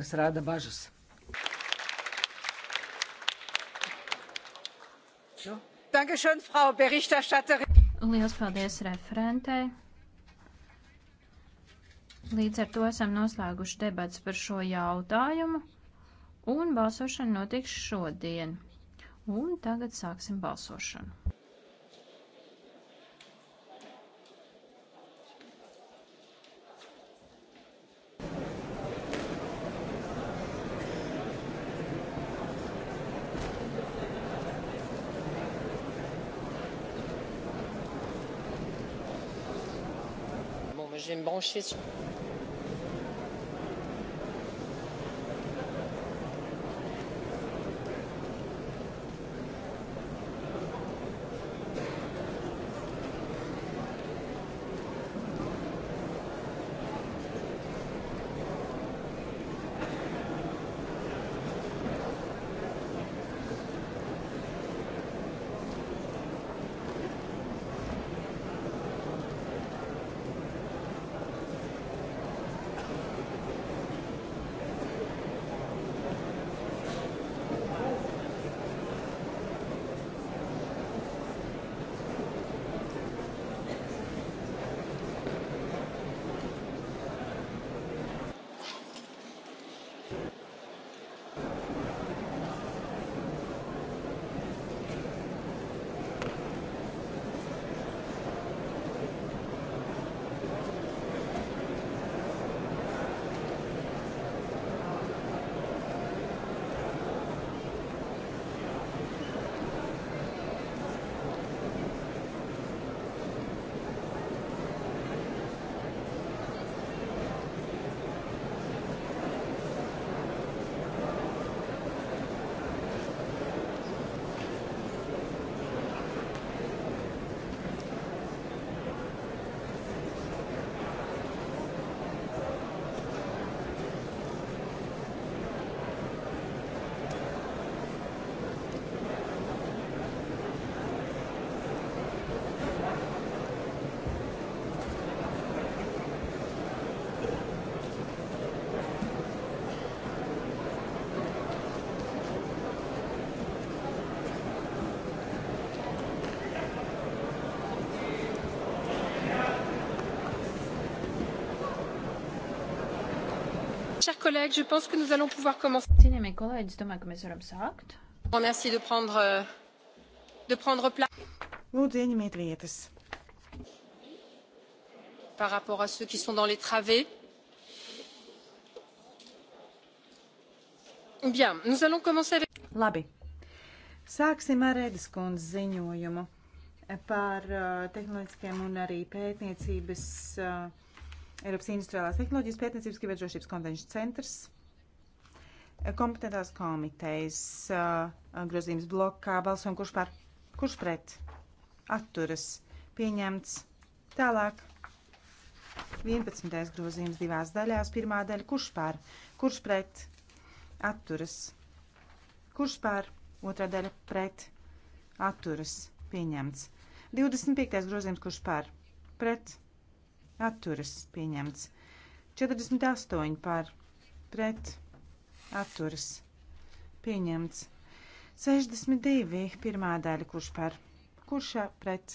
kas rada bažas. Dankeschön, Frau Berichterstatterin. Lielas paldies referentei. Līdz ar to esam noslēguši debats par šo jautājumu, un balsošana notiks šodien. Un tagad sāksim balsošanu. branchés sur chers collègues, je pense que nous allons pouvoir commencer. Cienījamie kolēģi, es domāju, ka mēs varam sākt. Merci de prendre, euh, de prendre place. Lūdzu, ieņemiet vietas. Par rapport à ceux qui sont dans les travées. Bien, nous allons commencer avec... Labi. Sāksim ar Redes kundzes ziņojumu par uh, tehnoloģiskiem un arī pētniecības uh, Eiropas Industriālās tehnoloģijas pētniecības kiberdrošības konvenču centrs, eh, kompetentās komitejas eh, grozījums blokā balsojam, kurš par, kurš pret, atturas, pieņemts, tālāk. 11. grozījums divās daļās, pirmā daļa, kurš par, kurš pret, atturas, kurš par, otrā daļa pret, atturas, pieņemts. 25. grozījums, kurš par, pret, atturas pieņemts. 48 par pret atturas pieņemts. 62 pirmā daļa, kurš par kurš pret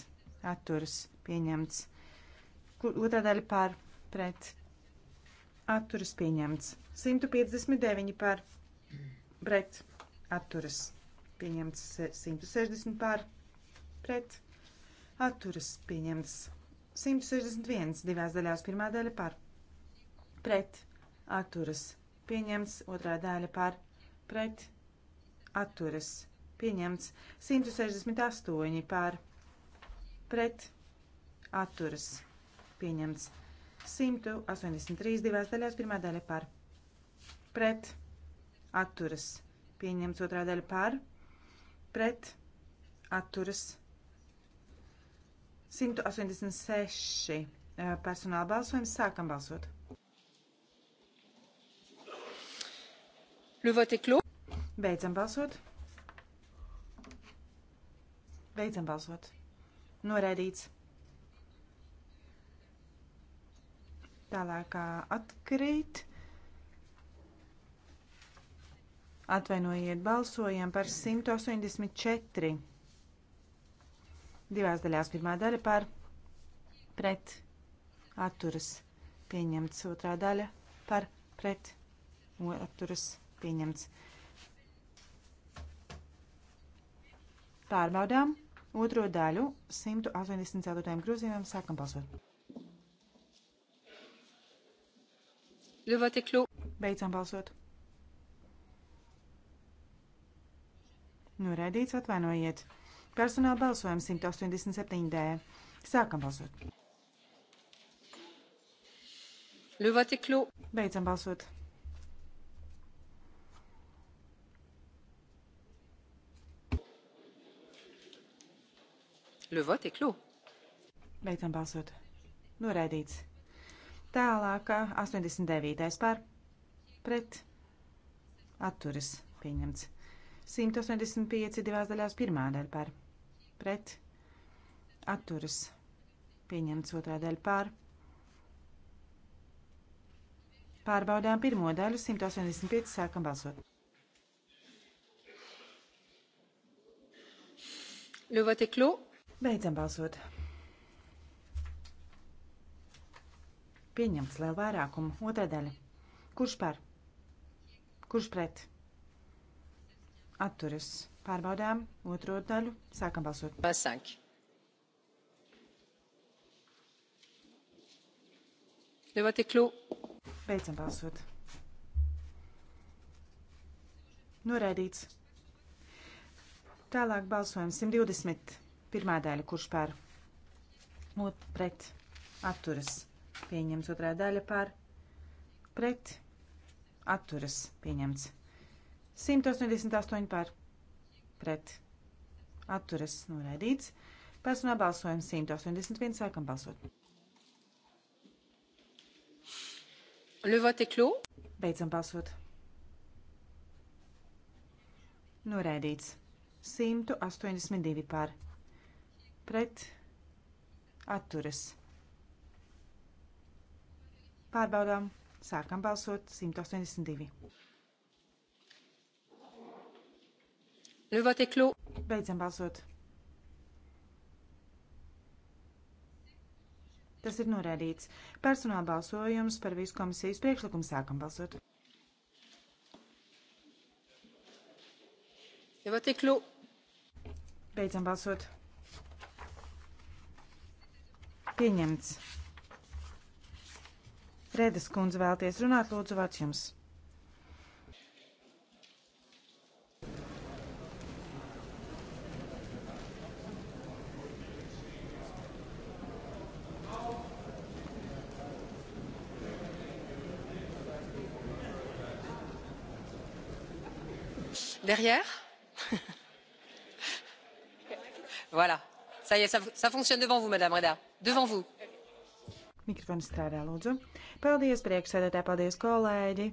atturas pieņemts. Kur, otrā daļa par pret atturas pieņemts. 159 par pret atturas pieņemts. 160 par pret atturas pieņemts. 161 divās daļās. Pirmā daļa par pret atturas pieņemts, otrā daļa par pret atturas pieņemts, 168 par pret atturas pieņemts, 183 divās daļās. Pirmā daļa par pret atturas pieņemts, otrā daļa par pret atturas pieņemts 186 eh, personāla balsojums. Sākam balsot. Beidzam balsot. Beidzam balsot. Noraidīts. Tālāk atkrīt. Atvainojiet, balsojam par 184. Divās daļās pirmā daļa par pret atturas pieņemts. Otrā daļa par pret atturas pieņemts. Pārbaudām otro daļu 184. grozījumam sākam balsot. Beidzam balsot. Noraidīts atvainojiet. Personāla balsojums 187D. Sākam balsot. Ļuvatiklu. Beidzam balsot. Le vote est clos. Beidzam balsot. Noraidīts. Tālāk 89. par pret atturas pieņemts. 185 divās daļās pirmā daļa par pret atturas pieņemts otrā daļa pār. Pārbaudām pirmo daļu 185 sākam balsot. Le vote est clos. Beidzam balsot. Pieņemts liela vairākuma. Otra daļa. Kurš par? Kurš pret? atturas. Pārbaudām otro daļu. Sākam balsot. Pasaki. Ļoti kļū. Beidzam balsot. Noraidīts. Tālāk balsojam 120. Pirmā daļa, kurš pār ot, pret atturas. Pieņems otrā daļa pār pret atturas. Pieņemts. 188 par pret. Atturas noraidīts. Personā balsojums 181. Sākam balsot. Le vote est clos. Beidzam balsot. Noraidīts. 182 par. Pret. Atturas. Pārbaudām. Sākam balsot 182. Beidzam balsot. Tas ir norādīts. Personāla balsojums par visu komisijas priekšlikumu sākam balsot. Beidzam balsot. Pieņemts. Redes kundze vēlties runāt, lūdzu, vārds jums. derrière voilà ça y est ça, ça fonctionne devant vous madame Reda devant vous Mikrofons strādā, lūdzu. Paldies, priekšsēdētāji, paldies, kolēģi.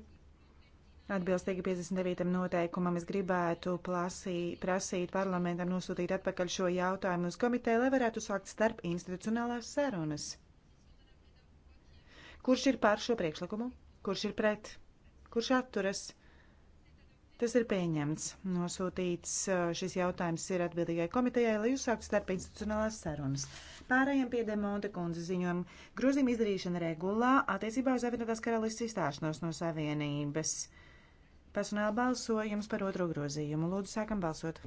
Atbilstīgi 59. noteikumam es gribētu plasī, prasīt parlamentam nosūtīt atpakaļ šo jautājumu uz komiteju, lai varētu sākt starp institucionālās sarunas. Kurš ir pār šo priekšlikumu? Kurš ir pret? Kurš atturas? Tas ir pieņemts. Nosūtīts šis jautājums ir atbildīgai komitejai, lai uzsāktu starpinstitucionālās sarunas. Pārējiem pie Demonte kundzes ziņojuma grozījuma izdarīšana regulā attiecībā uz apvienotās karalists izstāšanos no savienības. Personāla balsojums par otro grozījumu. Lūdzu, sākam balsot.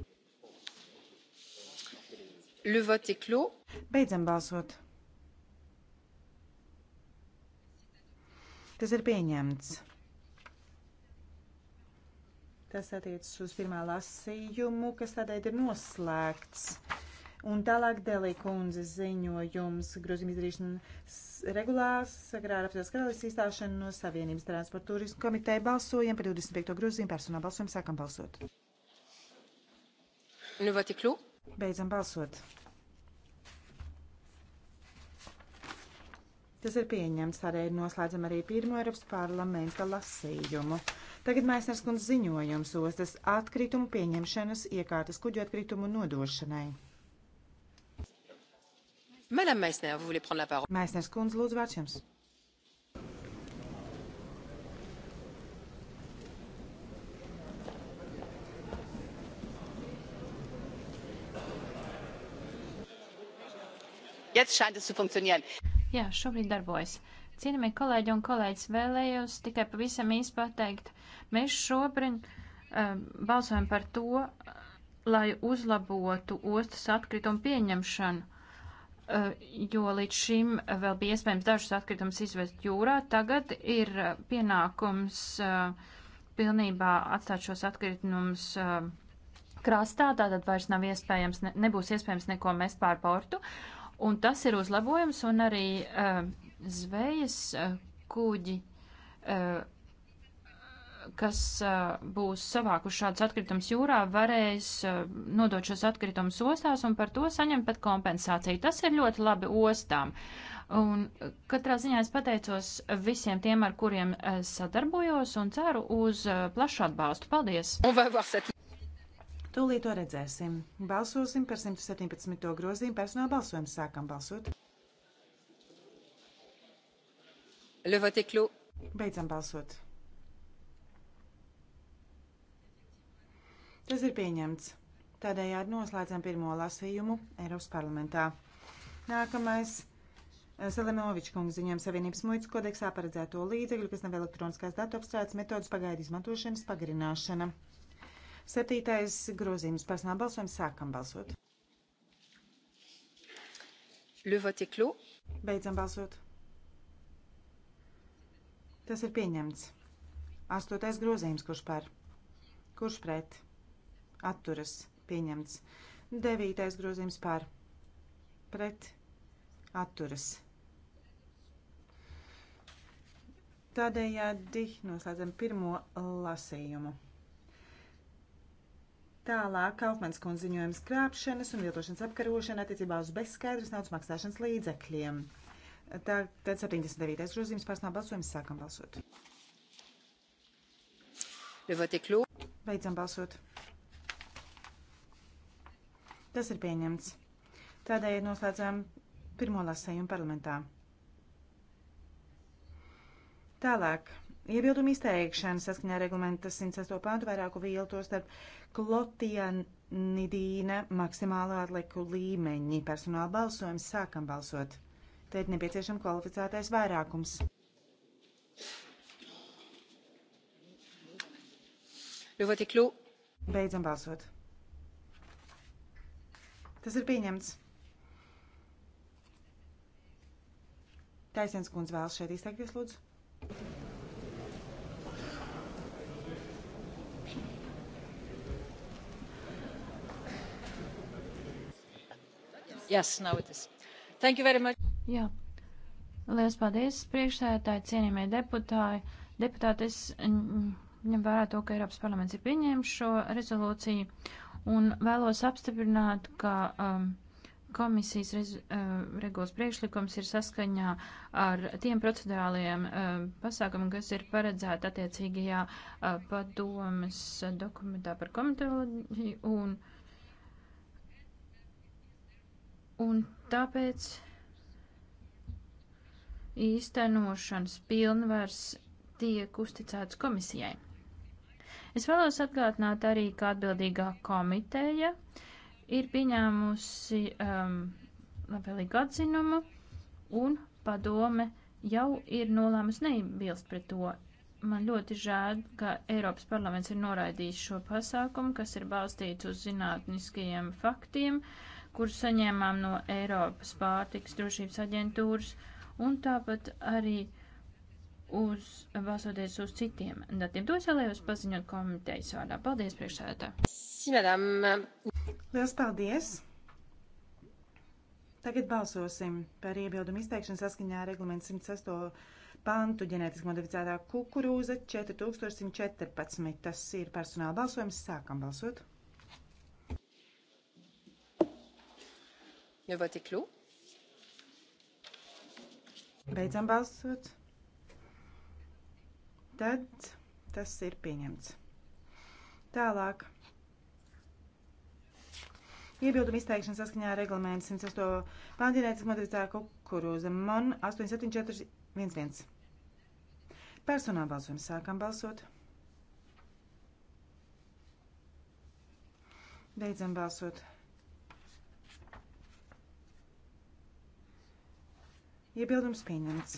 Le vote est clos. Beidzam balsot. Tas ir pieņemts kas attiecas uz pirmā lasījumu, kas tādēļ ir noslēgts. Un tālāk Delī kundze ziņojums grozījuma izdarīšana regulās sakarā ar apvienotās karalists izstāšanu no Savienības transporta turismu komiteja balsojam par 25. grozījumu personā balsojumu sākam balsot. Nu, vatiklu? Beidzam balsot. Tas ir pieņemts, tādēļ noslēdzam arī pirmo Eiropas parlamenta lasījumu. Tagad Mēsners kundz ziņojums ostas atkritumu pieņemšanas iekārtas kuģu atkritumu nodošanai. Madame Meissner, vous voulez prendre la parole? Meissners kundz, lūdzu, vārds jums. Jetzt scheint es zu funktionieren. Jā, šobrīd darbojas. Cienījamie kolēģi un kolēģis, vēlējos tikai pavisam īsi pateikt, mēs šobrīd um, balsojam par to, lai uzlabotu ostas atkritumu pieņemšanu uh, jo līdz šim vēl bija iespējams dažus atkritumus izvest jūrā, tagad ir pienākums uh, pilnībā atstāt šos atkritumus uh, krastā, tātad vairs nav iespējams, nebūs iespējams neko mest pār portu, un tas ir uzlabojums, un arī zvejas kuģi, kas būs savākuši šādus atkritumus jūrā, varēs nodot šos atkritumus ostās un par to saņemt pat kompensāciju. Tas ir ļoti labi ostām. Un katrā ziņā es pateicos visiem tiem, ar kuriem sadarbojos un ceru uz plašu atbalstu. Paldies! Tūlīt to redzēsim. Balsosim par 117. grozījumu personāla balsojumu. Sākam balsot! Le vote est clos. Beidzam balsot. Tas ir pieņemts. Tādējādi noslēdzam pirmo lasījumu Eiropas parlamentā. Nākamais. Eh, Selenovičs kungs ziņojam Savienības muitas kodeksā paredzēto līdzekļu, kas nav elektroniskās datu apstrādes metodas pagaidu izmantošanas pagarināšana. Septītais grozījums personāla balsojums sākam balsot. Le vote est clos. Beidzam balsot. Tas ir pieņemts. Astotais grozījums, kurš par, kurš pret, atturas, pieņemts. Devītais grozījums par, pret, atturas. Tādējādi noslēdzam pirmo lasījumu. Tālāk Kaufmanis kundze ziņojums krāpšanas un viltošanas apkarošana attiecībā uz bezskaidras naudas maksāšanas līdzekļiem. Tā, tad 79. grozījums personāla balsojums sākam balsot. Beidzam balsot. Tas ir pieņemts. Tādēļ noslēdzām pirmo lasējumu parlamentā. Tālāk. Iebildumu izteikšana saskaņā ar reglamenta 106. pāntu vairāku vielu to starp klotianidīna maksimālo atliku līmeņi. Personāla balsojums sākam balsot. Te ir nepieciešama kvalificētais vairākums. Beidzam balsot. Tas ir pieņemts. Taisnīgs kundze vēlas šeit izteikties, lūdzu. Yes, now it is. Thank you very much. Jā. Lielas paldies, priekšsēdētāji, cienījamie deputāji. Deputāti, es ņem vērā to, ka Eiropas parlaments ir pieņēmis šo rezolūciju un vēlos apstiprināt, ka um, komisijas rez, uh, regulas priekšlikums ir saskaņā ar tiem procedurālajiem uh, pasākumiem, kas ir paredzēti attiecīgajā uh, padomas dokumentā par komitoloģiju un, un tāpēc īstenošanas pilnvars tiek uzticēts komisijai. Es vēlos atgādināt arī, ka atbildīgā komiteja ir pieņēmusi um, labvēlīgu atzinumu un padome jau ir nolēmusi neiebilst pret to. Man ļoti žēl, ka Eiropas parlaments ir noraidījis šo pasākumu, kas ir balstīts uz zinātniskajiem faktiem, kurus saņēmām no Eiropas pārtiks drošības aģentūras. Uh, un tāpat arī uz, balsoties uz citiem datiem. To es vēlējos paziņot komitejas vārdā. Paldies, priekšsēdētā. Svedam. Liels paldies! Tagad balsosim par iebildumu izteikšanu saskaņā ar reglamentu 106 pantu ģenētiski modificētā kukurūza 4114. Tas ir personāla balsojums. Sākam balsot. Le vote est clos. Beidzam balsot. Tad tas ir pieņemts. Tālāk. Iebildumu izteikšana saskaņā ar reglamentu 108. pāģinētas modificētā kukurūza MON 87411. Personāla balsojums sākam balsot. Beidzam balsot. Iebildums pieņemts.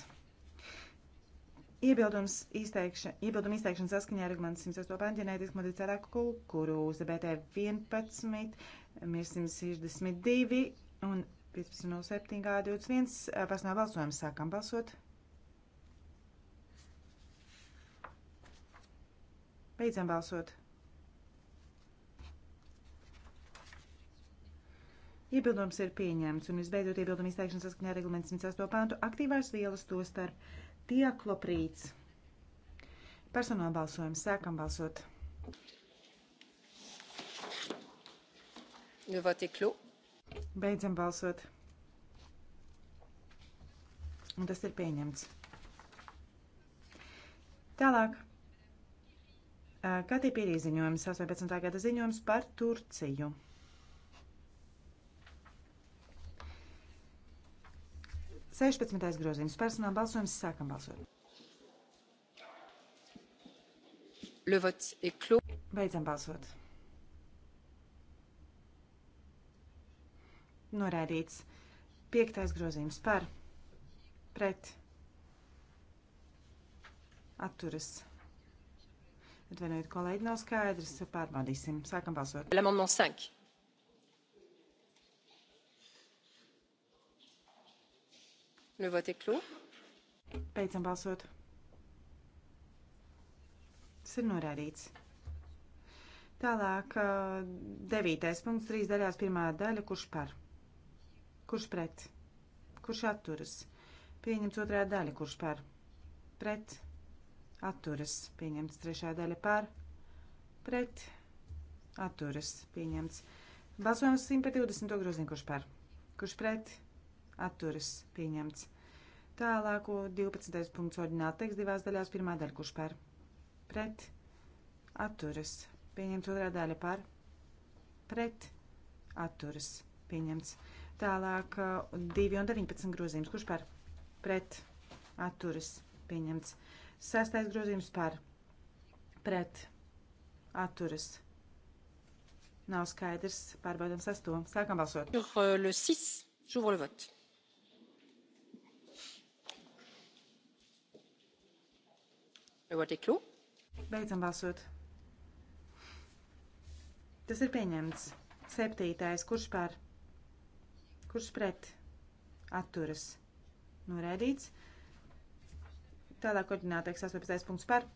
Iebildums izteikšana, iebilduma izteikšana saskaņā ar argumentu 108 pēn ģenētiski modificētā kukurūza BT11, 162 un 15.07. 21. Personāla balsojums sākam balsot. Beidzam balsot. Iebildums ir pieņemts, un visbeidzot iebilduma izteikšana saskaņā reglamentas 108 pāntu aktīvās vielas to starp tieklopprīts. Personāla balsojums. Sākam balsot. Le vote est clos. Beidzam balsot. Un tas ir pieņemts. Tālāk. Katī pierīziņojums, 18. gada ziņojums par Turciju. 16. grozījums personāla balsojums. Sākam balsot. Le vote est clos. Beidzam balsot. Norādīts. Piektais grozījums par, pret, atturas. Atvainojiet, kolēģi, nav skaidrs. Pārbaudīsim. Sākam balsot. L'amendement 5. Le vote est clos. Beidzam balsot. Tas ir norādīts. Tālāk, devītais punkts, trīs daļās, pirmā daļa, kurš par, kurš pret, kurš atturas. Pieņemts otrā daļa, kurš par, pret, atturas. Pieņemts trešā daļa par, pret, atturas. Pieņemts. Balsojums 120. groziņu, kurš par, kurš pret, atturas atturas pieņemts. Tālāko 12. punkts ordināla teksts divās daļās. Pirmā daļa, kurš par pret atturas pieņemts. Otrā daļa par pret atturas pieņemts. Tālāk 2 uh, un 19 grozījums, kurš par pret atturas pieņemts. Sastais grozījums par pret atturas pieņemts. Nav skaidrs. Pārbaudām sesto. Sākam balsot. Sur uh, le 6, j'ouvre le vote. Beidzam balsot. Tas ir pieņemts. Septītais. Kurš par? Kurš pret? Atturas. Noraidīts. Tālāk koordinātais 18. punkts par.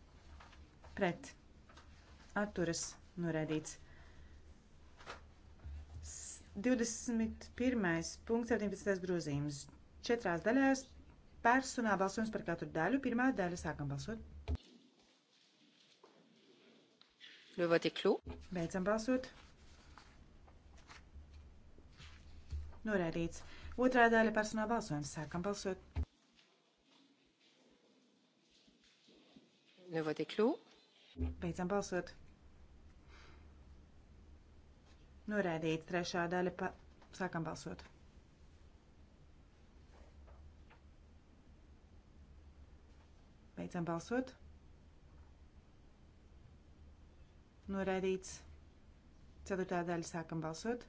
Pret. Atturas. Noraidīts. 21. punkts, 17. grozījums. Četrās daļās personā balsojums par katru daļu. Pirmā daļa sākam balsot. Le vote est clos. Beidzam balsot. Noraidīts. Otrā daļa personāla balsojums. Sākam balsot. Le vote est clos. Beidzam balsot. Noraidīts trešā daļa. Pa... Sākam balsot. Beidzam balsot. Noraidīts. Ceturtā daļa sākam balsot.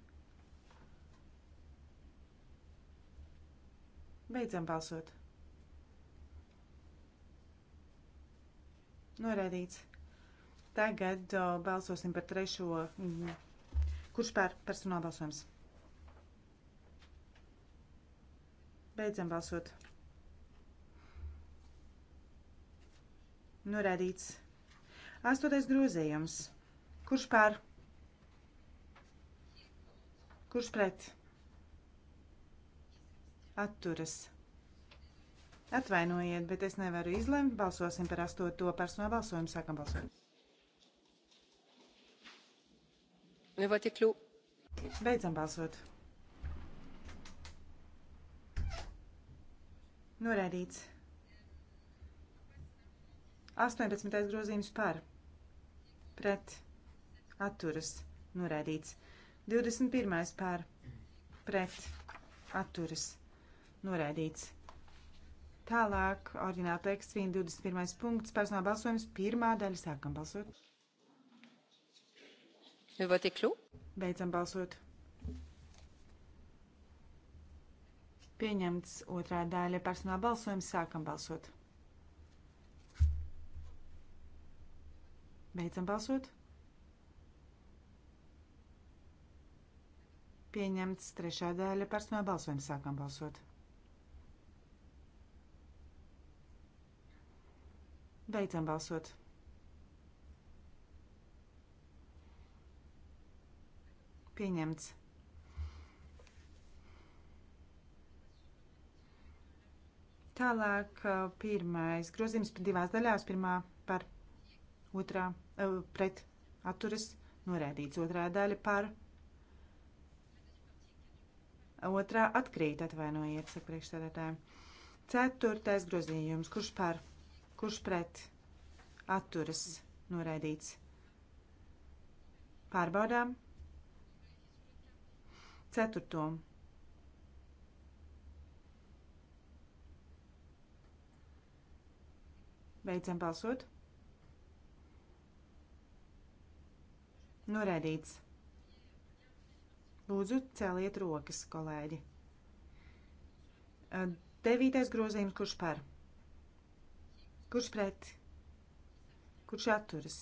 Beidzam balsot. Noraidīts. Tagad o, balsosim par trešo. Mm, kurš pār personāla balsojums? Beidzam balsot. Norādīts. Astotais grozījums. Kurš pār? Kurš pret? Atturas. Atvainojiet, bet es nevaru izlemt. Balsosim par astoto personālu balsojumu. Sākam balsot. Beidzam balsot. Norādīts. 18. grozījums par. Pret atturas norēdīts. 21. pār pret atturas norēdīts. Tālāk, oriģināla teksts 121. punkts, personāla balsojums, pirmā daļa sākam balsot. Beidzam balsot. Pieņemts otrā daļa personāla balsojums, sākam balsot. Beidzam balsot. Pieņemts trešā daļa personāla balsojuma. Sākam balsot. Beidzam balsot. Pieņemts. Tālāk uh, pirmais grozījums divās daļās. Pirmā par otrā, uh, pret atturas norēdīts. Otrā daļa par pret otrā atkrīt, atvainojiet, saka priekšstādātāji. Ceturtais grozījums, kurš par, kurš pret, atturas, noraidīts. Pārbaudām. Ceturto. Beidzam balsot. Noraidīts. Lūdzu, celiet rokas, kolēģi. Devītais grozījums, kurš par? Kurš pret? Kurš atturas?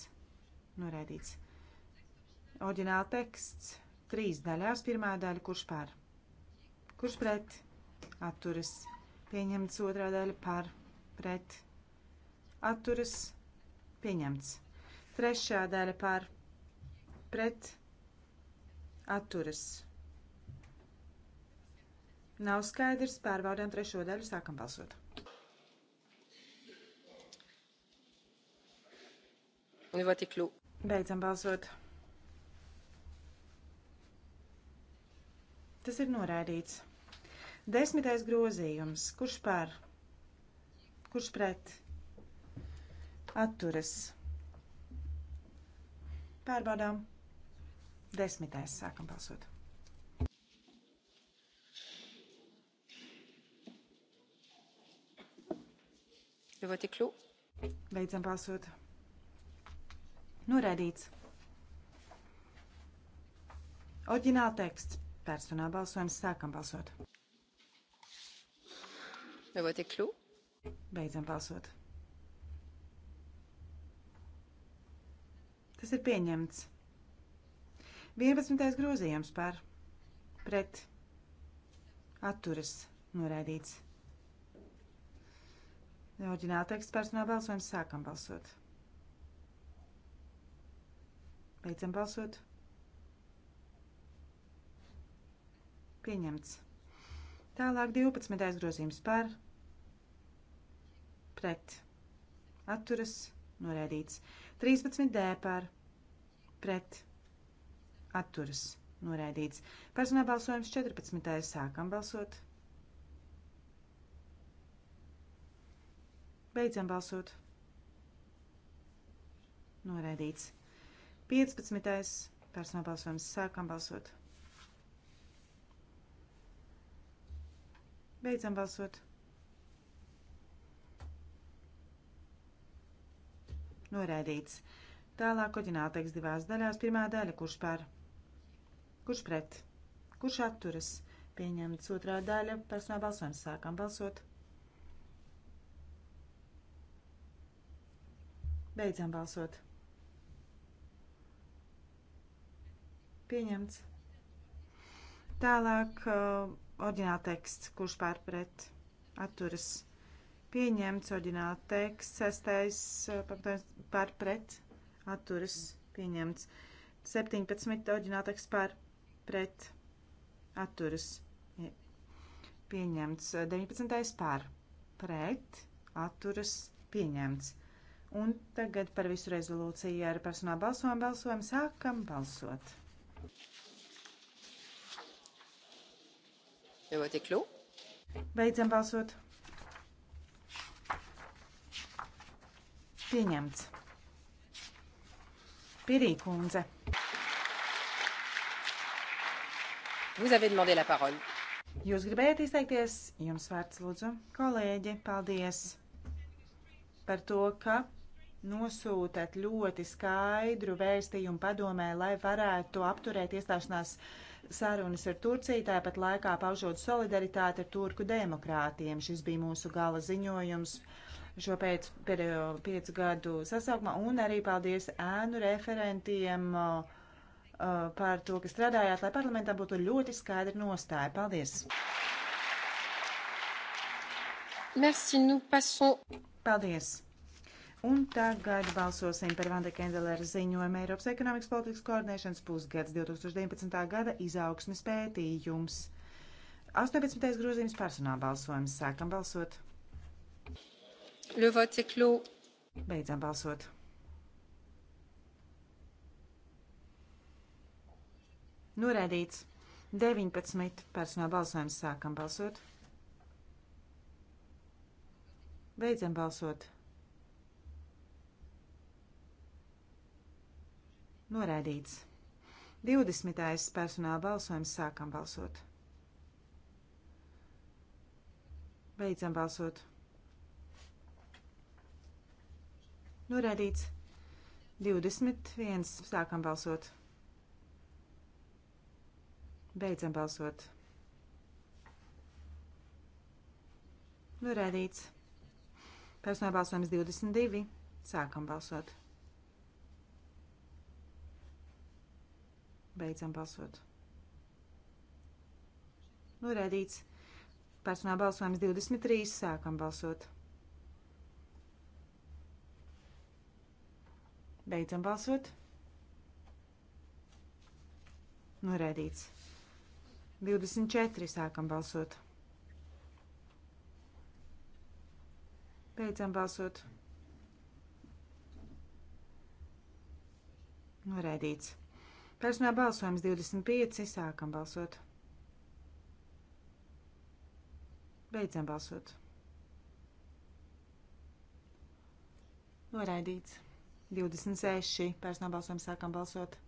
Noraidīts. Oriģināla teksts trīs daļās. Pirmā daļa, kurš par? Kurš pret? Atturas. Pieņemts otrā daļa par, pret, atturas, pieņemts. Trešā daļa par, pret, atturas atturas. Nav skaidrs, pārbaudām trešo daļu, sākam balsot. Beidzam balsot. Tas ir noraidīts. Desmitais grozījums. Kurš pār? Kurš pret? Atturas. Pārbaudām. Desmitais sākam balsot. Beidzam balsot. Noraidīts. Oģināla teksts. Personāla balsojums. Sākam balsot. Le vote est clos. Beidzam balsot. Tas ir pieņemts. 11. grozījums par pret atturas noraidīts. Oriģināla teksta personāla balsojums sākam balsot. Beidzam balsot. Pieņemts. Tālāk 12. grozījums par, pret, atturas, noraidīts. 13. d par, pret, atturas atturas noraidīts. Personāla balsojums 14. sākam balsot. Beidzam balsot. Noraidīts. 15. personāla balsojums sākam balsot. Beidzam balsot. Noraidīts. Tālāk oģinālteiks divās daļās. Pirmā daļa, kurš par Kurš pret? Kurš atturas? Pieņemts otrā daļa. Personāla balsojums. Sākam balsot. Beidzam balsot. Pieņemts. Tālāk uh, oriģināla teksts. Kurš pār pret? Atturas. Pieņemts oriģināla teksts. Sestais uh, pār pret? Atturas. Pieņemts. 17. oriģināla teksts pār pret pret atturas pieņemts. 19. par pret atturas pieņemts. Un tagad par visu rezolūciju ar personālu balsojumu balsojumu sākam balsot. Beidzam balsot. Pieņemts. Pirī kundze. Vous avez demandé la parole. Jūs gribējāt izteikties, jums vārds lūdzu. Kolēģi, paldies par to, ka nosūtat ļoti skaidru vēstījumu padomē, lai varētu apturēt iestāšanās sarunas ar Turciju, tāpat laikā paužot solidaritāti ar turku demokrātiem. Šis bija mūsu gala ziņojums šo pēc, pēdējo piecu gadu sasaukumā, un arī paldies ēnu referentiem. Uh, Uh, par to, ka strādājāt, lai parlamentā būtu ļoti skaidra nostāja. Paldies! Merci, nous passons. Paldies! Un tagad balsosim par Vanda Kendelera ziņojumu Eiropas ekonomikas politikas koordinēšanas pusgads 2019. gada izaugsmes pētījums. 18. grozījums personāla balsojums. Sākam balsot. Le vote est clos. Beidzam balsot. Norēdīts 19. personāla balsojums sākam balsot. Beidzam balsot. Norēdīts 20. personāla balsojums sākam balsot. Beidzam balsot. Norēdīts 21. sākam balsot. Beidzam balsot. Norēdīts. Personāla balsojums 22. Sākam balsot. Beidzam balsot. Norēdīts. Personāla balsojums 23. Sākam balsot. Beidzam balsot. Norēdīts. 24. Sākam balsot. Beidzam balsot. Noraidīts. Personāla balsojums 25. Sākam balsot. Beidzam balsot. Noraidīts. 26. Personāla balsojums sākam balsot.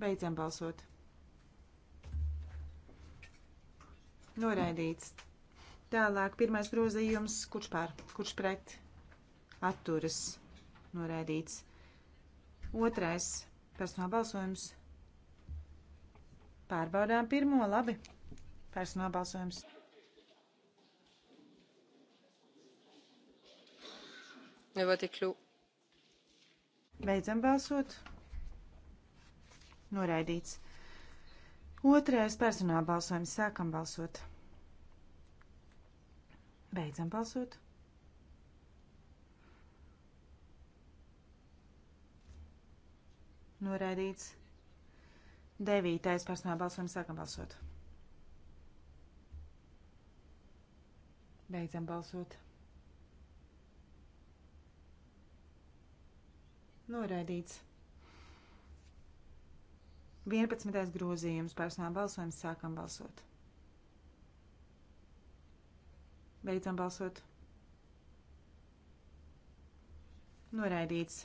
Beidzam balsot. Noraidīts. Tālāk pirmais grozījums, kurš pār, kurš pret atturas. Noraidīts. Otrais personāla balsojums. Pārbaudām pirmo labi. Personāla balsojums. Beidzam balsot. Noraidīts. Otrais personāla balsojums. Sākam balsot. Beidzam balsot. Noraidīts. Devītais personāla balsojums. Sākam balsot. Beidzam balsot. Noraidīts. 11. grozījums personāla balsojums sākam balsot. Beidzam balsot. Noraidīts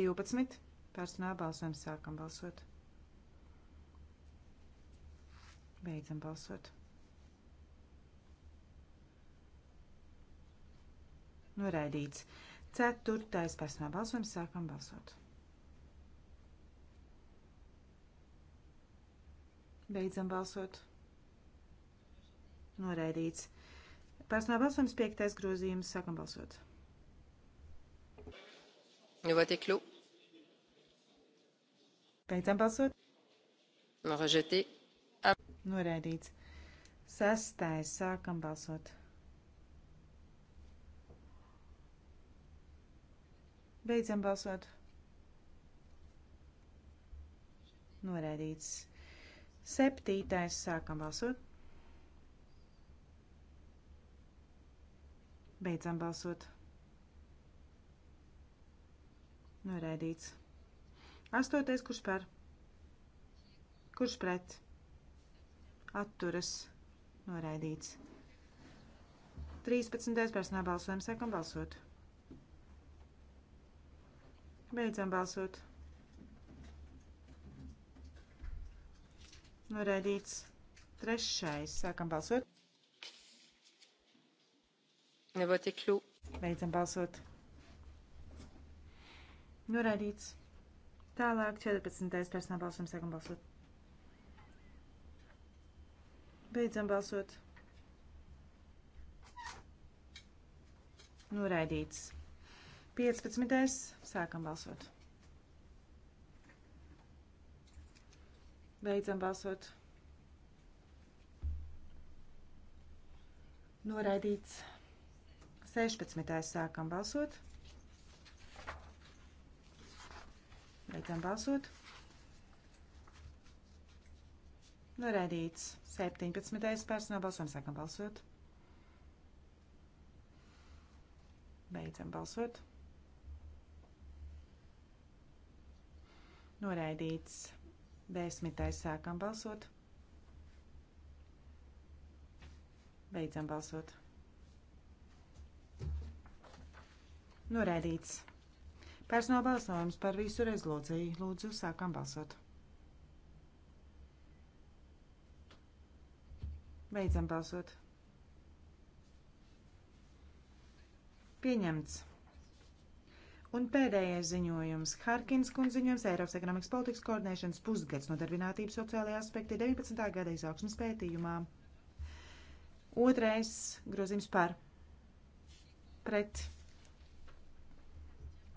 12. personāla balsojums sākam balsot. Beidzam balsot. Noraidīts 4. personāla balsojums sākam balsot. Beidzam balsot. Noraidīts. Personāla balsojums piektais grozījums. Sākam balsot. Le vote est clos. Beidzam balsot. Rejeté. Ah. Noraidīts. Sastais. Sākam balsot. Beidzam balsot. Noraidīts. Septītais sākam balsot. Beidzam balsot. Noraidīts. Astotais, kurš par? Kurš pret? Atturas. Noraidīts. 13. personā balsojam, sākam balsot. Beidzam balsot. Noraidīts. Trešais. Sākam balsot. Nevoti kļū. Beidzam balsot. Noraidīts. Tālāk 14. personā balsojam. Sākam balsot. Beidzam balsot. Noraidīts. 15. Sākam balsot. Beidzam balsot. Noraidīts 16. sākam balsot. Beidzam balsot. Noraidīts 17. personāla balsojums sākam balsot. Beidzam balsot. Noraidīts Desmitais sākam balsot. Beidzam balsot. Noraidīts. Personāla balsojums par visu rezolūciju. Lūdzu, sākam balsot. Beidzam balsot. Pieņemts. Un pēdējais ziņojums - Harkins kundz ziņojums Eiropas ekonomikas politikas koordinēšanas pusgads nodarbinātības sociālajā aspekti 19. gada izaugsmas pētījumā. Otrais grozījums par pret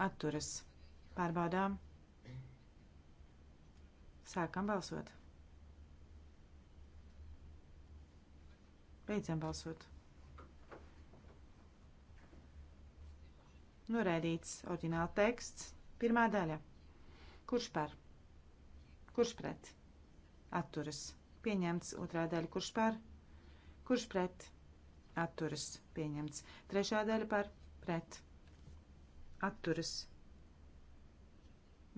atturas pārbaudām. Sākam balsot. Beidzam balsot. Noraidīts oriģināla teksts, pirmā daļa. Kurš par? Kurš pret? Atturas. Pieņemts otrā daļa. Kurš par? Kurš pret? Atturas. Pieņemts. Trešā daļa par? Pret. Atturas.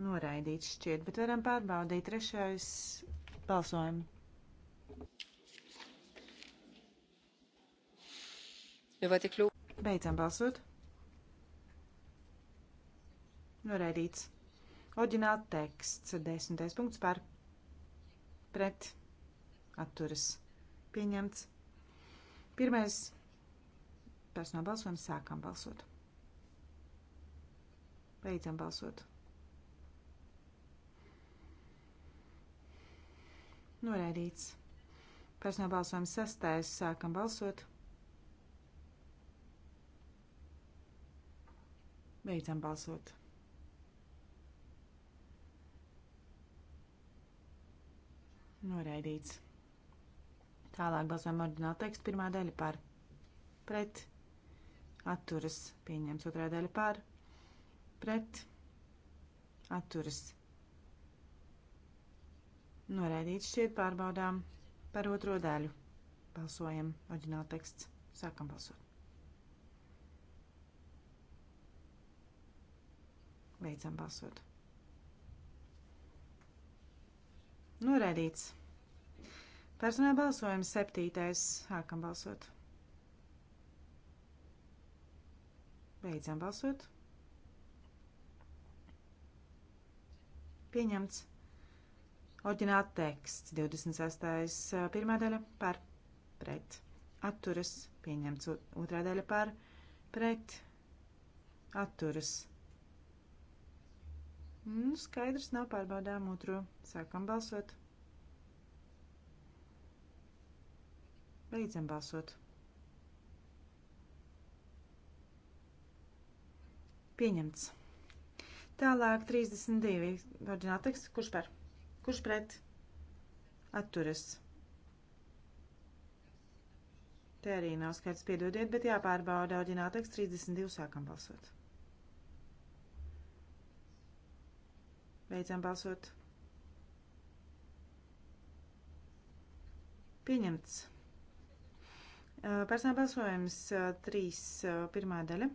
Noraidīts šķiet, bet varam pārbaudīt trešais balsojumu. Beidzam balsot. Noraidīts. Oriģināla teksts. Desmitais punkts par pret atturas. Pieņemts. Pirmais personāla balsojums. Sākam balsot. Beidzam balsot. Noraidīts. Personāla balsojums sastais. Sākam balsot. Beidzam balsot. Noraidīts. Tālāk balsojam ordinālu tekstu pirmā daļa par pret atturas pieņems otrā daļa par pret atturas. Noraidīts šķiet pārbaudām par otro daļu. Balsojam ordinālu tekstu. Sākam balsot. Beidzam balsot. Noraidīts. Personāla balsojums septītais. Sākam balsot. Beidzam balsot. Pieņemts. Orģināla teksts 26. pirmā daļa par pret. Atturas. Pieņemts otrā daļa par pret. Atturas. Nu, skaidrs, nav pārbaudām otro. Sākam balsot. Beidzam balsot. Pieņemts. Tālāk 32. Ordināla teksts. Kurš par? Kurš pret? Atturas. Te arī nav skaidrs, piedodiet, bet jāpārbauda ordināla teksts 32. Sākam balsot. Beidzam balsot. Pieņemts. Personāla balsojums 3. pirmā daļa.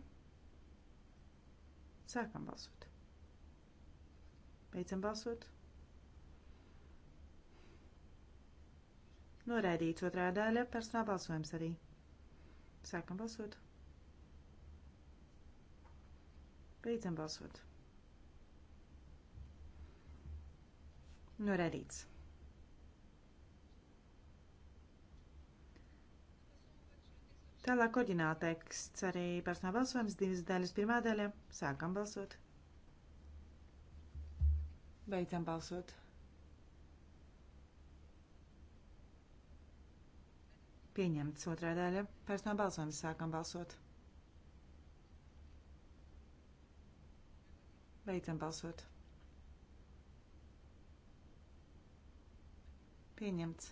Sākam balsot. Beidzam balsot. Noraidīts otrā daļa. Personāla balsojums arī. Sākam balsot. Beidzam balsot. Norādīts. Nu, Tālāk oriģināla teksts arī personāla balsojums divas daļas. Pirmā daļa - sākam balsot. Beidzam balsot. Pieņemts otrā daļa - personāla balsojums sākam balsot. Beidzam balsot. Pieņemts.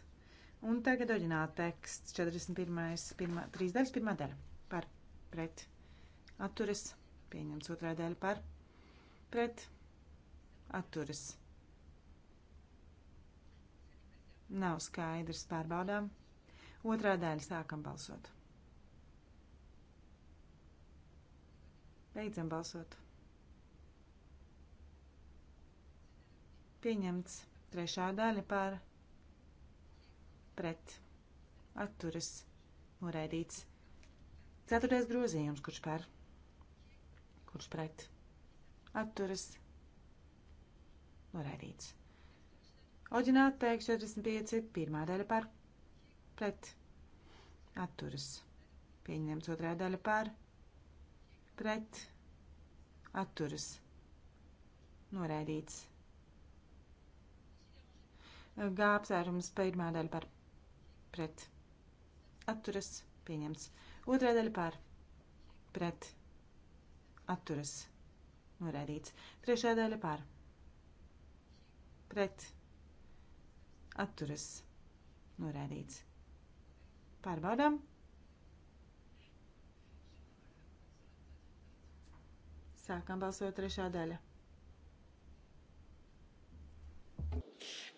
Un tagad oriģināla teksts 41. Pirmā, 3 daļas, pirmā daļa par pret. Atturas. Pieņemts otrā daļa par pret. Atturas. Nav skaidrs. Pārbaudām. Otrā daļa sākam balsot. Beidzam balsot. Pieņemts. Trešā daļa par pret pret, atturas, noraidīts. Ceturtais grozījums, kurš par, kurš pret, atturas, noraidīts. Oģināta teiks 45, pirmā daļa par, pret, atturas, pieņemts otrā daļa par, pret, atturas, noraidīts. Gāpsērums pirmā daļa par, pret atturas pieņemts. Otrā daļa par pret atturas norēdīts. Trešā daļa par pret atturas norēdīts. Pārbaudām. Sākam balsot trešā daļa.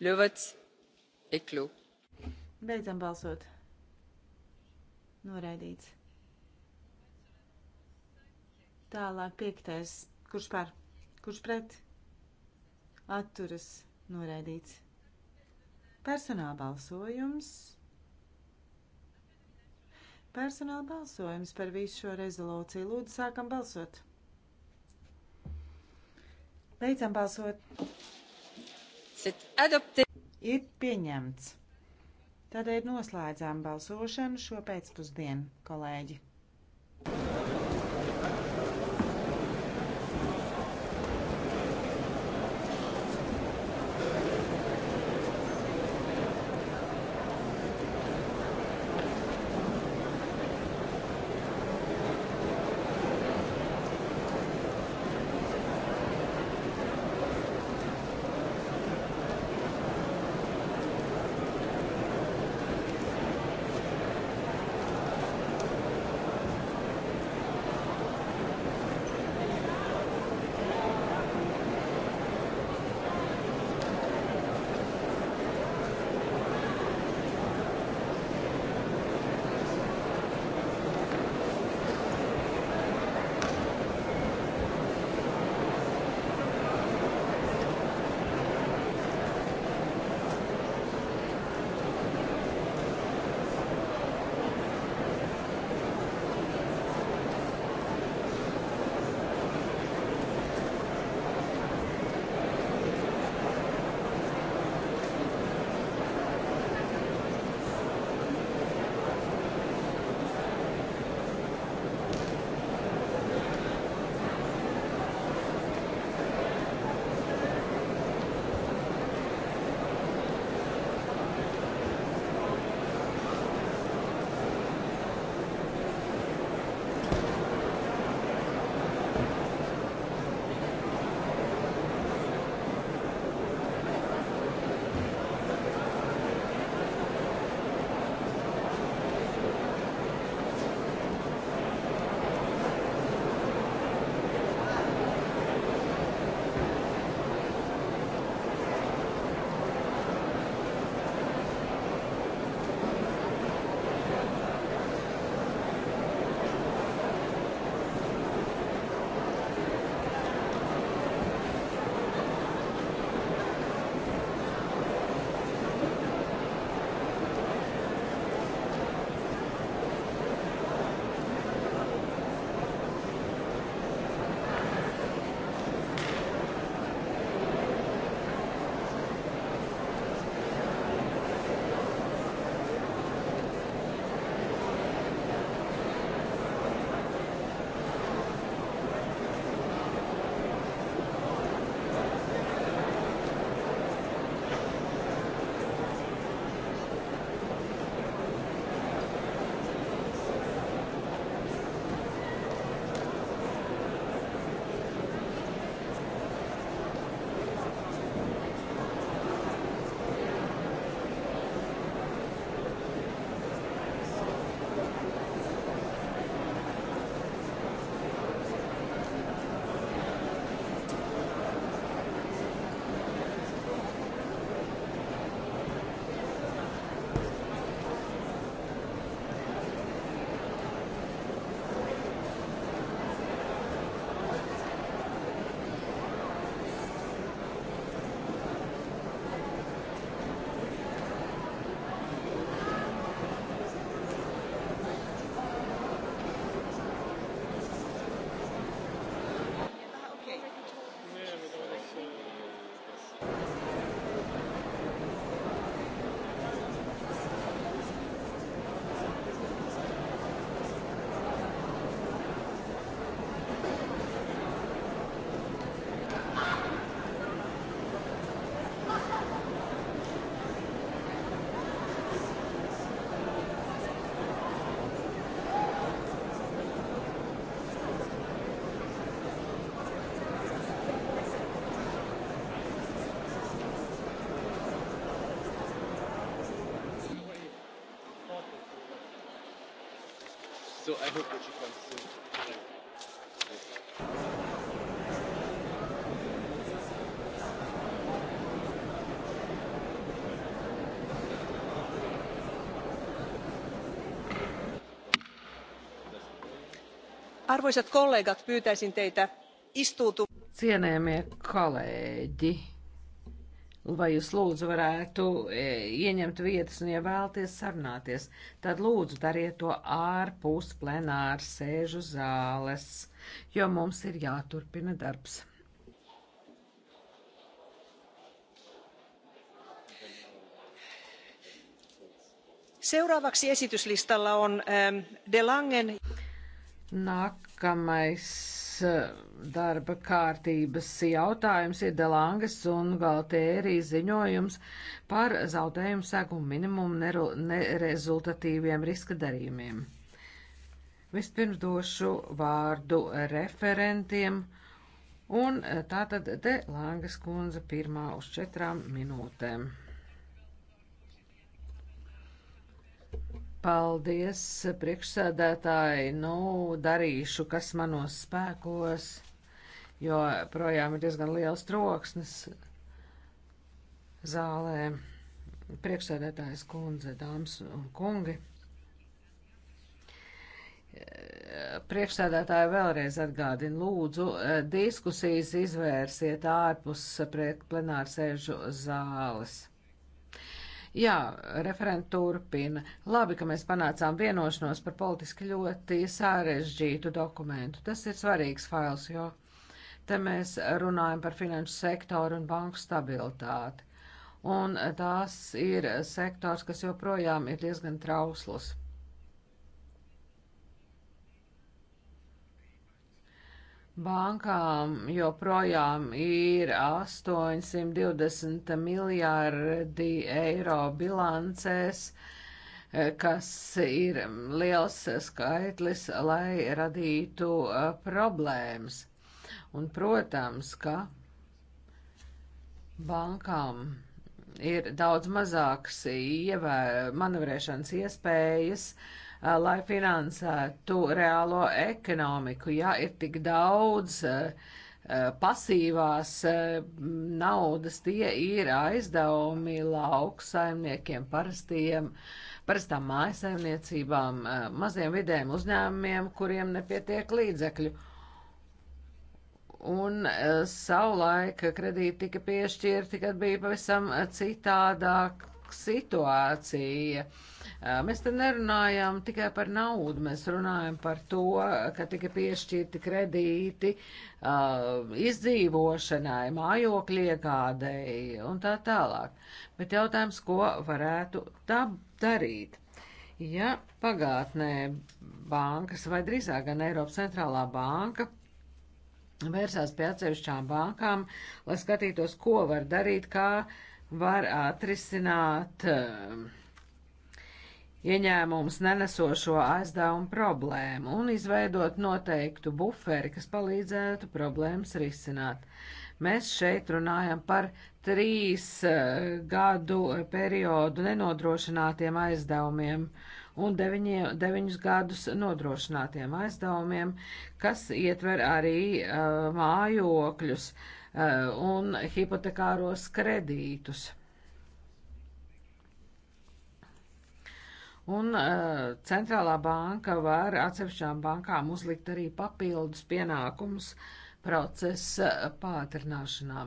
Le vote est clos. Beidzam balsot. Noraidīts. Tālāk piektais. Kurš par? Kurš pret? Atturas. Noraidīts. Personāla balsojums. Personāla balsojums par visu šo rezolūciju. Lūdzu, sākam balsot. Beidzam balsot. Ir pieņemts. Tādēļ noslēdzām balsošanu šo pēcpusdienu, kolēģi. I hope that she comes soon. Arvoisat kollegat, pyytäisin teitä istuutumaan. Cienējamie kolēģi, vai jūs lūdzu varētu e, ieņemt vietas un, ja vēlaties, sarunāties, tad lūdzu dariet to ārpus plenāra sēžu zāles, jo mums ir jāturpina darbs. Seuraavaksi esityslistalla on ähm, De Langen. Nākamais darba kārtības jautājums ir Delangas un Galtērijas ziņojums par zaudējumu segumu minimumu nerezultatīviem riska darījumiem. Vispirms došu vārdu referentiem, un tātad Delangas kundze pirmā uz četrām minūtēm. Paldies, priekšsēdētāji. Nu, darīšu, kas manos spēkos, jo projām ir diezgan liels troksnis zālē. Priekšsēdētājs kundze, dāmas un kungi. Priekšsēdētāji vēlreiz atgādina, lūdzu, diskusijas izvērsiet ārpus plenārsēžu zāles. Jā, referent turpina. Labi, ka mēs panācām vienošanos par politiski ļoti sarežģītu dokumentu. Tas ir svarīgs fails, jo te mēs runājam par finanšu sektoru un banku stabilitāti. Un tās ir sektors, kas joprojām ir diezgan trausls. Bankām joprojām ir 820 miljārdi eiro bilancēs, eh, kas ir liels skaitlis, lai radītu eh, problēmas. Un, protams, ka bankām ir daudz mazākas manœuvrēšanas iespējas uh, Eh, lai finansētu reālo ekonomiku. Ja ir tik daudz eh, eh, pasīvās naudas, tie ir aizdevumi lauksaimniekiem parastiem parastām mājasaimniecībām, maziem vidējiem uzņēmumiem, kuriem nepietiek līdzekļu. Un savulaik kredīti tika piešķirti, kad bija pavisam citādāk situācija. Uh, Mēs te nerunājām tikai par naudu, mēs runājam par to, ka tika piešķirti kredīti izdzīvošanai, mājokļu iegādēji un tā tālāk. Bet jautājums, ko varētu tā darīt? Ja pagātnē bankas vai drīzāk gan Eiropas centrālā banka vērsās pie atsevišķām bankām, lai skatītos, ko var darīt, kā var atrisināt uh, ieņēmums nenesošo aizdevumu problēmu un izveidot noteiktu buferi, kas palīdzētu problēmas risināt. Mēs šeit runājam par trīs eh, gadu periodu nenodrošinātiem aizdevumiem un deviņi, deviņus gadus nodrošinātiem aizdevumiem, kas ietver arī uh, mājokļus uh, un hipotekāros kredītus. Un uh, centrālā banka var atsevišķām bankām uzlikt arī papildus pienākumus procesa pātrināšanā.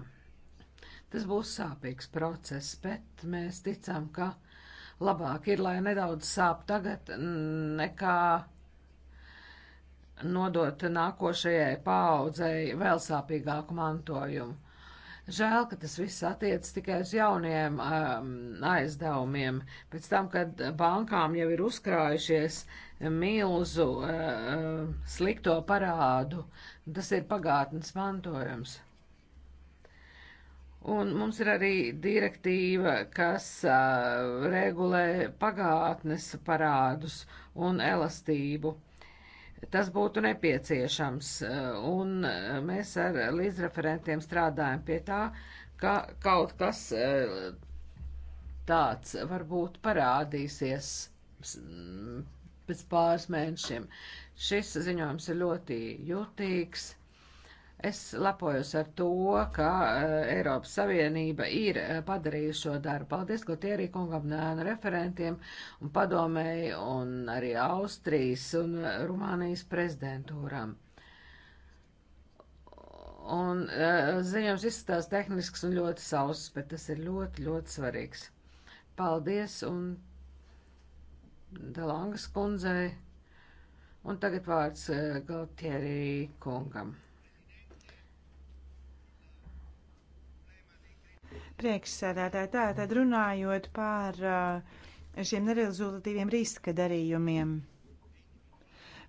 Tas būs sāpīgs process, bet mēs ticam, ka labāk ir, lai nedaudz sāp tagad, nekā nodot nākošajai paaudzei vēl sāpīgāku mantojumu. Žēl, ka tas viss attiec tikai uz jauniem um, aizdevumiem. Pēc tam, kad bankām jau ir uzkrājušies milzu uh, um, slikto parādu, tas ir pagātnes mantojums. Un mums ir arī direktīva, kas uh, regulē pagātnes parādus un elastību tas būtu nepieciešams. Eh, un eh, mēs ar līdzreferentiem strādājam pie tā, ka kaut kas eh, tāds varbūt parādīsies pēc pāris mēnešiem. Šis ziņojums ir ļoti jūtīgs Es lepojos ar to, ka eh, Eiropas Savienība ir eh, padarījusi šo darbu. Paldies Gutierī kungam, nēnu referentiem un padomēji un arī Austrijas un eh, Rumānijas prezidentūram. Un ziņojums izskatās tehnisks un ļoti sauss, bet tas ir ļoti, ļoti svarīgs. Paldies un Delangas kundzei. Un tagad vārds Galtierī kungam. Priekšsēdētāji, tā tad runājot par uh, šiem nerezultatīviem riska darījumiem.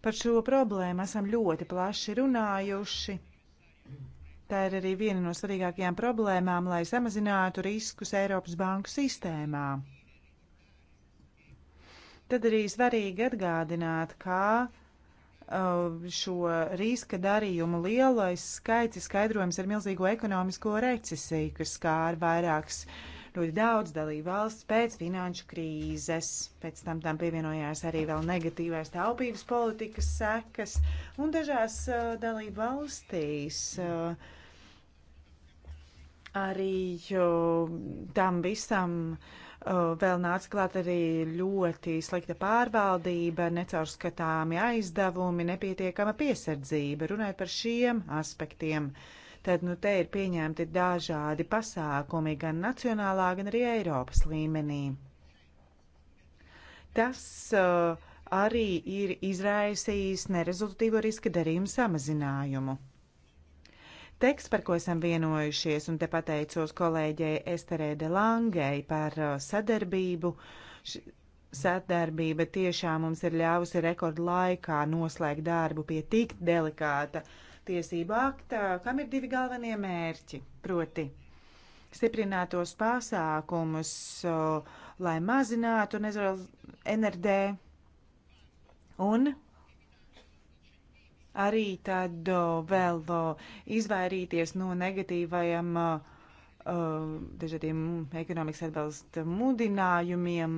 Par šo problēmu esam ļoti plaši runājuši. Tā ir arī viena no svarīgākajām problēmām, lai samazinātu riskus Eiropas banku sistēmā. Tad arī svarīgi atgādināt, kā Uh, šo riska darījumu lielais skaits ir skaidrojams ar milzīgo ekonomisko recesiju, kas skāra vairākas ļoti daudz dalību valsts pēc finanšu krīzes. Pēc tam tam pievienojās arī vēl negatīvās taupības politikas sekas un dažās uh, dalību valstīs. Uh, arī jo, tam visam uh, Uh, vēl nāca klāt arī ļoti slikta pārvaldība, necaurskatāmi aizdevumi, nepietiekama piesardzība. Runājot par šiem aspektiem, tad nu te ir pieņemti dažādi pasākumi gan nacionālā, gan arī Eiropas līmenī. Tas uh, arī ir izraisījis nerezultatīvo riska darījumu samazinājumu. Teksts, par ko esam vienojušies, un te pateicos kolēģei Esterē de Langei par uh, sadarbību. Š sadarbība tiešām mums ir ļāvusi rekordu laikā noslēgt darbu pie tik delikāta tiesība akta, kam ir divi galvenie mērķi, proti stiprinātos pasākumus, uh, lai mazinātu NRD un arī tad uh, vēl uh, izvairīties no negatīvajiem uh, dažādiem ekonomikas atbalsta mudinājumiem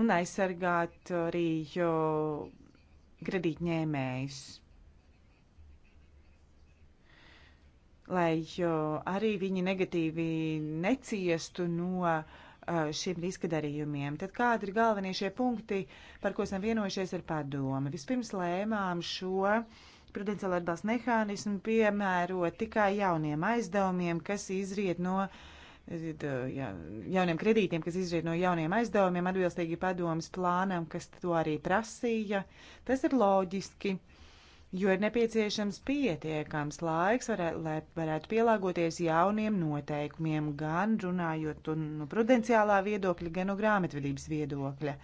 un aizsargāt arī kredītņēmējus. Lai arī viņi negatīvi neciestu no uh, Eh, šiem riska darījumiem. Tad kādi ir galvenie šie punkti, par ko esam vienojušies ar padomi? Vispirms lēmām šo prudenciālo atbalstu mehānismu piemērot tikai jauniem aizdevumiem, kas izriet no eh, ja, jauniem kredītiem, kas izriet no jauniem aizdevumiem, atbilstīgi padomas plānam, kas to arī prasīja. Tas ir loģiski. Uh, jo ir nepieciešams pietiekams laiks, varē, lai varētu pielāgoties jauniem noteikumiem, gan runājot no nu, prudenciālā viedokļa, gan no grāmatvedības viedokļa.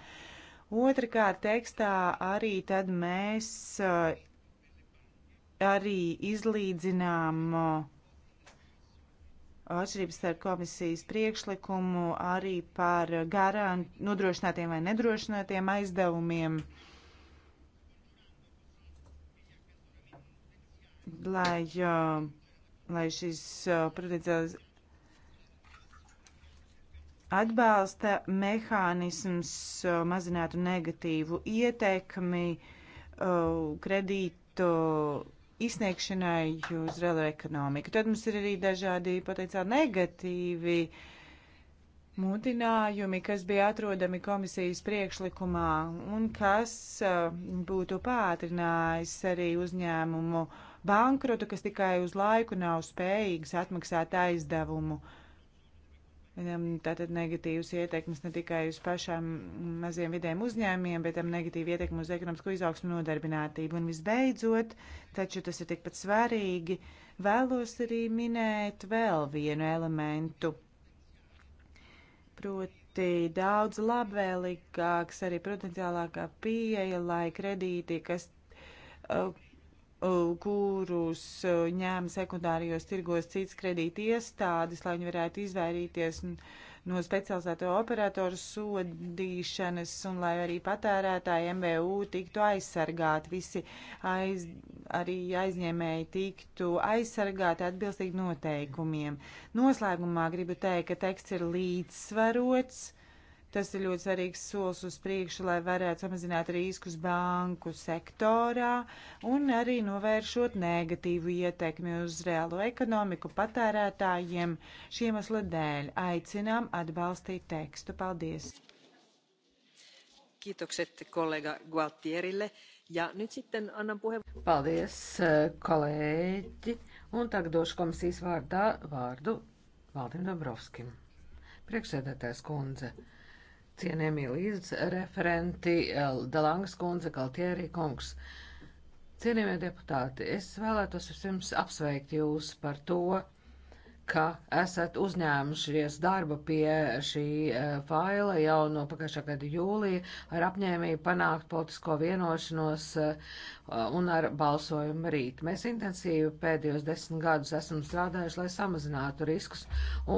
Otrakārt, tekstā arī tad mēs uh, arī izlīdzinām uh, atšķirības starp komisijas priekšlikumu arī par garā nodrošinātiem vai nedrošinātiem aizdevumiem. Uh, lai, uh, lai šis uh, paredzēts atbalsta mehānisms uh, mazinātu negatīvu ietekmi uh, kredītu izsniegšanai uz reālo ekonomiku. Tad mums ir arī dažādi, pateicā, negatīvi mutinājumi, kas bija atrodami komisijas priekšlikumā un kas uh, būtu pātrinājis arī uzņēmumu uh, bankrotu, kas tikai uz laiku nav spējīgs atmaksāt aizdevumu. Tātad negatīvas ietekmes ne tikai uz pašām maziem vidiem uzņēmiem, bet tam negatīva ietekme uz ekonomisko izaugsmu nodarbinātību. Un visbeidzot, taču tas ir tikpat svarīgi, vēlos arī minēt vēl vienu elementu. Proti daudz labvēlīgāks, arī potenciālākā pieeja, lai kredīti, kas uh, kurus uh, ņēma sekundārijos tirgos cits kredīti iestādes, lai viņi varētu izvairīties no specializēto operatoru sodīšanas un lai arī patērētāji MVU tiktu aizsargāti, visi aiz, arī aizņēmēji tiktu aizsargāti atbilstīgi noteikumiem. Noslēgumā gribu teikt, ka teksts ir līdzsvarots Tas ir ļoti svarīgs solis uz priekšu, lai varētu samazināt riskus banku sektorā un arī novēršot negatīvu ietekmi uz reālo ekonomiku patērētājiem. Šī iemesla dēļ aicinām atbalstīt tekstu. Paldies! Kiitokset kollega Gualtierille. Ja nyt sitten annan puheenvuoron. Paldies, eh, kolēģi. Un tagad došu komisijas vārdā vārdu Valdim Dombrovskim. Priekšsēdētājs kundze cienējamie līdzreferenti Dalangas kundze, Kaltierī kungs. Cienījamie deputāti, es vēlētos vispirms apsveikt jūs par to, ka esat uzņēmušies darbu pie šī e, faila jau no pagājušā gada jūlija ar apņēmību panākt politisko vienošanos e, un ar balsojumu rīt. Mēs intensīvi pēdējos desmit gadus esam strādājuši, lai samazinātu riskus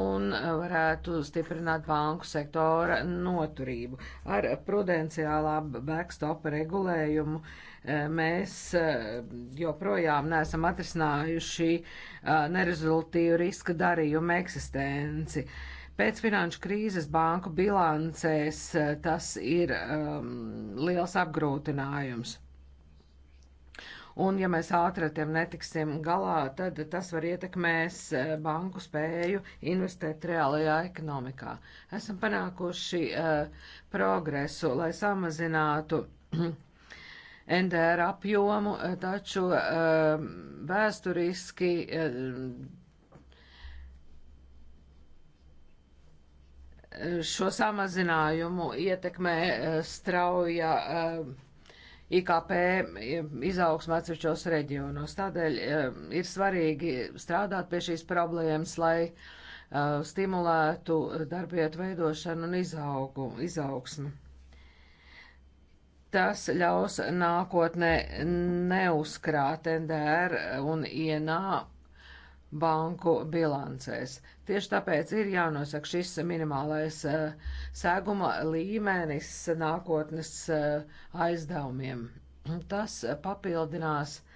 un e, varētu stiprināt banku sektora noturību ar prudenciālā backstop regulējumu. Uh, Eh, mēs eh, joprojām neesam atrisinājuši eh, nerezultīvu riska darījumu eksistenci. Pēc finanšu krīzes banku bilancēs tas ir um, liels apgrūtinājums. Un ja mēs ātri ar tiem netiksim galā, tad tas var ietekmēs banku spēju investēt reālajā ekonomikā. Esam panākuši uh, progresu, lai samazinātu NDR apjomu, eh, taču eh, vēsturiski eh, šo samazinājumu ietekmē strauja IKP izaugsmē atsevišķos reģionos. Tādēļ ir svarīgi strādāt pie šīs problēmas, lai stimulētu darbietu veidošanu un izaugu, izaugsmu. Tas ļaus nākotnē neuzkrāt NDR un ienā banku bilancēs. Tieši tāpēc ir jānosaka šis minimālais eh, sēguma līmenis nākotnes eh, aizdevumiem. Tas papildinās uh,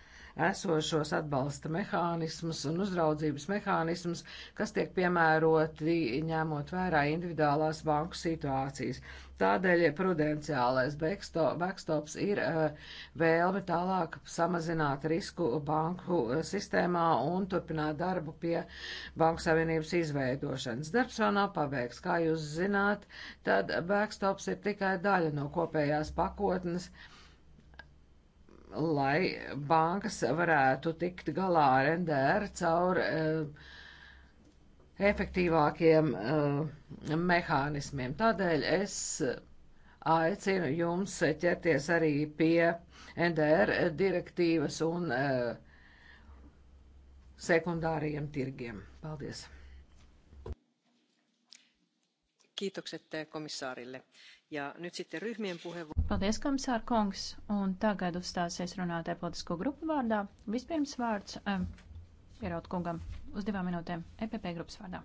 esošos atbalsta mehānismus un uzraudzības mehānismus, kas tiek piemēroti ņemot vērā individuālās banku situācijas. Tādēļ prudenciālais backstops ir eh, vēlme tālāk samazināt risku banku eh, sistēmā un turpināt darbu pie Banku Savienības izveidošanas. Darbs vēl nav paveikts. Kā jūs zināt, tad backstops ir tikai daļa no kopējās pakotnes. Uh, lai bankas varētu tikt galā ar NDR caur uh, efektīvākiem uh, mehānismiem. Tādēļ es aicinu jums ķerties arī pie NDR direktīvas un uh, sekundāriem tirgiem. Paldies! Kiitokset komissaarille. Ja nyt sitten ryhmien puheenvuoro. Paldies, komisār kungs. Un tagad uzstāsies runātāja politisko grupu vārdā. Vispirms vārds um, Pieraut kungam uz divām minūtēm EPP grupas vārdā.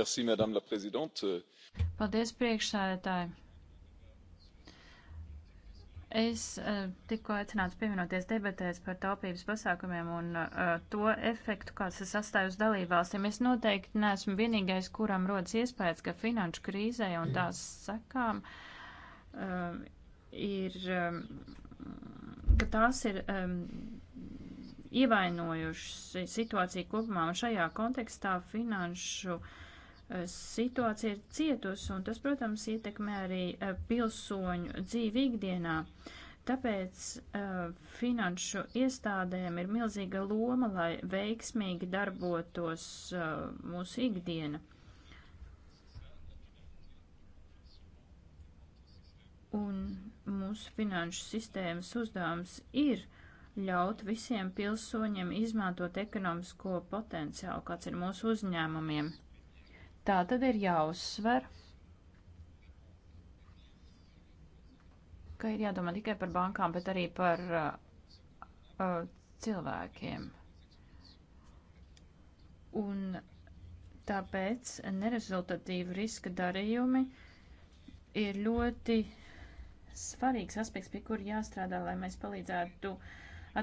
Merci, madame la présidente. Paldies, priekšsēdētāji. Es eh, tikko aicināts pievienoties debatēs par taupības pasākumiem un uh, to efektu, kāds tas atstāj uz dalībvalstīm. Es noteikti neesmu vienīgais, kuram rodas iespējas, ka finanšu krīzē un tās sekām uh, ir, um, ka tās ir um, ievainojušas situāciju kopumā un šajā kontekstā finanšu uh, situācija ir cietusi, un tas, protams, ietekmē arī e, pilsoņu dzīvi ikdienā. Tāpēc uh, finanšu iestādēm ir milzīga loma, lai veiksmīgi darbotos uh, mūsu ikdiena. Un mūsu finanšu sistēmas uzdevums ir ļaut visiem pilsoņiem izmantot ekonomisko potenciālu, kāds ir mūsu uzņēmumiem. Tā tad ir jāuzsver, ka ir jādomā tikai par bankām, bet arī par uh, uh, cilvēkiem. Un tāpēc nerezultatīvi riska darījumi ir ļoti svarīgs aspekts, pie kura jāstrādā, lai mēs palīdzētu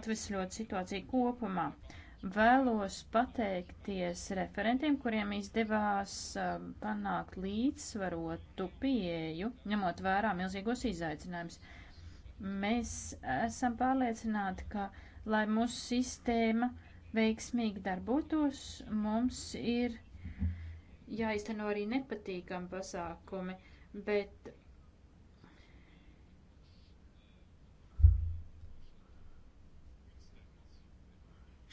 atvesļot situāciju kopumā. Uh, Vēlos pateikties referentiem, kuriem izdevās um, panākt līdzsvarotu pieeju, ņemot vērā milzīgos izaicinājumus. Mēs esam pārliecināti, ka, lai mūsu sistēma veiksmīgi darbotos, mums ir jāizteno arī nepatīkami pasākumi, bet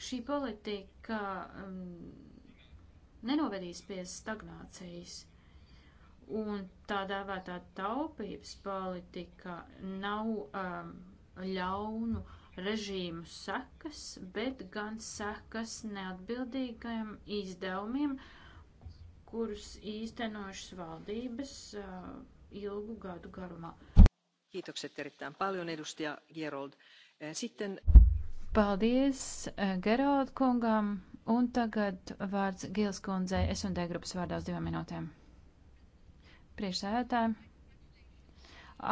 Šī politika um, nenovedīs pie stagnācijas. Un tā dēvētā taupības politika nav um, ļaunu režīmu sekas, bet gan sekas neatbildīgajiem izdevumiem, kurus īstenošas valdības uh, ilgu gadu garumā. Kiitokset erittäin paljon edustaja Gerold. Äh, sitten Paldies eh, Gerald kungam, un tagad vārds Gils kundzei S&D grupas vārdā uz divām minūtēm. Priekšsēdētāji,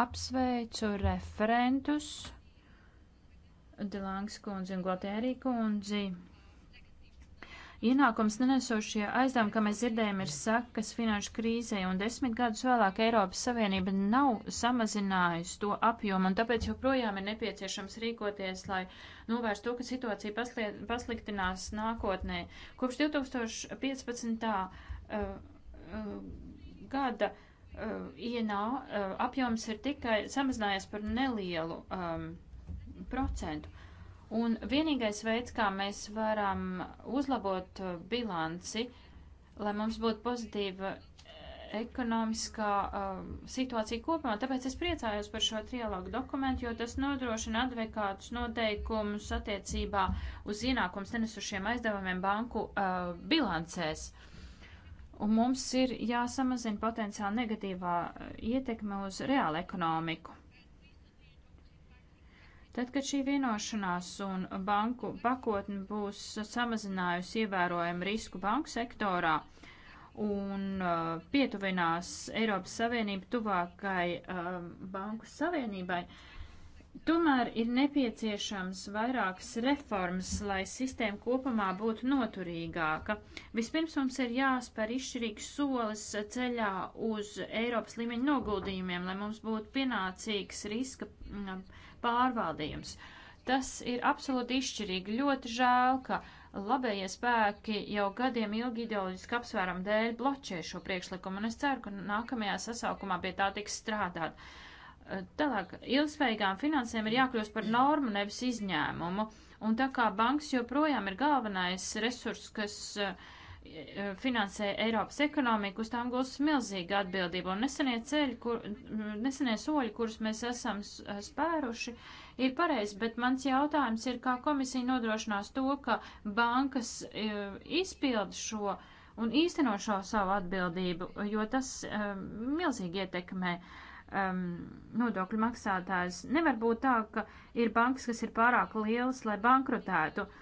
apsveicu referentus Delangs kundzi un Glotērī kundzi Ienākums nenesošie aizdevumi, kā mēs dzirdējam, ir sakas finanšu krīzē, un desmit gadus vēlāk Eiropas Savienība nav samazinājusi to apjomu, un tāpēc joprojām ir nepieciešams rīkoties, lai novērstu to, ka situācija pasliet, pasliktinās nākotnē. Kopš 2015. Uh, uh, gada uh, ienā uh, apjoms ir tikai samazinājies par nelielu um, procentu. Uh, Un vienīgais veids, kā mēs varam uzlabot uh, bilanci, lai mums būtu pozitīva eh, ekonomiskā um, situācija kopumā. Tāpēc es priecājos par šo trialogu dokumentu, jo tas nodrošina advekātus noteikumus attiecībā uz ienākums nenesušiem aizdevumiem banku uh, bilancēs. Un mums ir jāsamazina potenciāli negatīvā uh, ietekme uz reālu ekonomiku. Tad, kad šī vienošanās un banku pakotne būs samazinājusi ievērojumu risku banku sektorā un uh, pietuvinās Eiropas Savienību tuvākai uh, banku savienībai, tomēr ir nepieciešams vairākas reformas, lai sistēma kopumā būtu noturīgāka. Vispirms mums ir jāspēr izšķirīgs solis ceļā uz Eiropas līmeņa noguldījumiem, lai mums būtu pienācīgs riska. Uh, pārvaldījums. Tas ir absolūti izšķirīgi. Ļoti žēl, ka labējie spēki jau gadiem ilgi ideoloģiski apsvērumu dēļ bloķē šo priekšlikumu, un es ceru, ka nākamajā sasaukumā pie tā tiks strādāt. Tālāk, ilgspējīgām finansēm ir jākļūst par normu, nevis izņēmumu, un tā kā banks joprojām ir galvenais resurs, kas uh, finansē Eiropas ekonomiku, uz tām gūs milzīga atbildība. Un nesenie ceļi, kur, nesenie soļi, kurus mēs esam spēruši, ir pareizi, bet mans jautājums ir, kā komisija nodrošinās to, ka bankas e, izpild šo un īsteno šo savu atbildību, jo tas e, milzīgi ietekmē um, nodokļu maksātājs. Nevar būt tā, ka ir bankas, kas ir pārāk lielas, lai bankrotētu. Uh,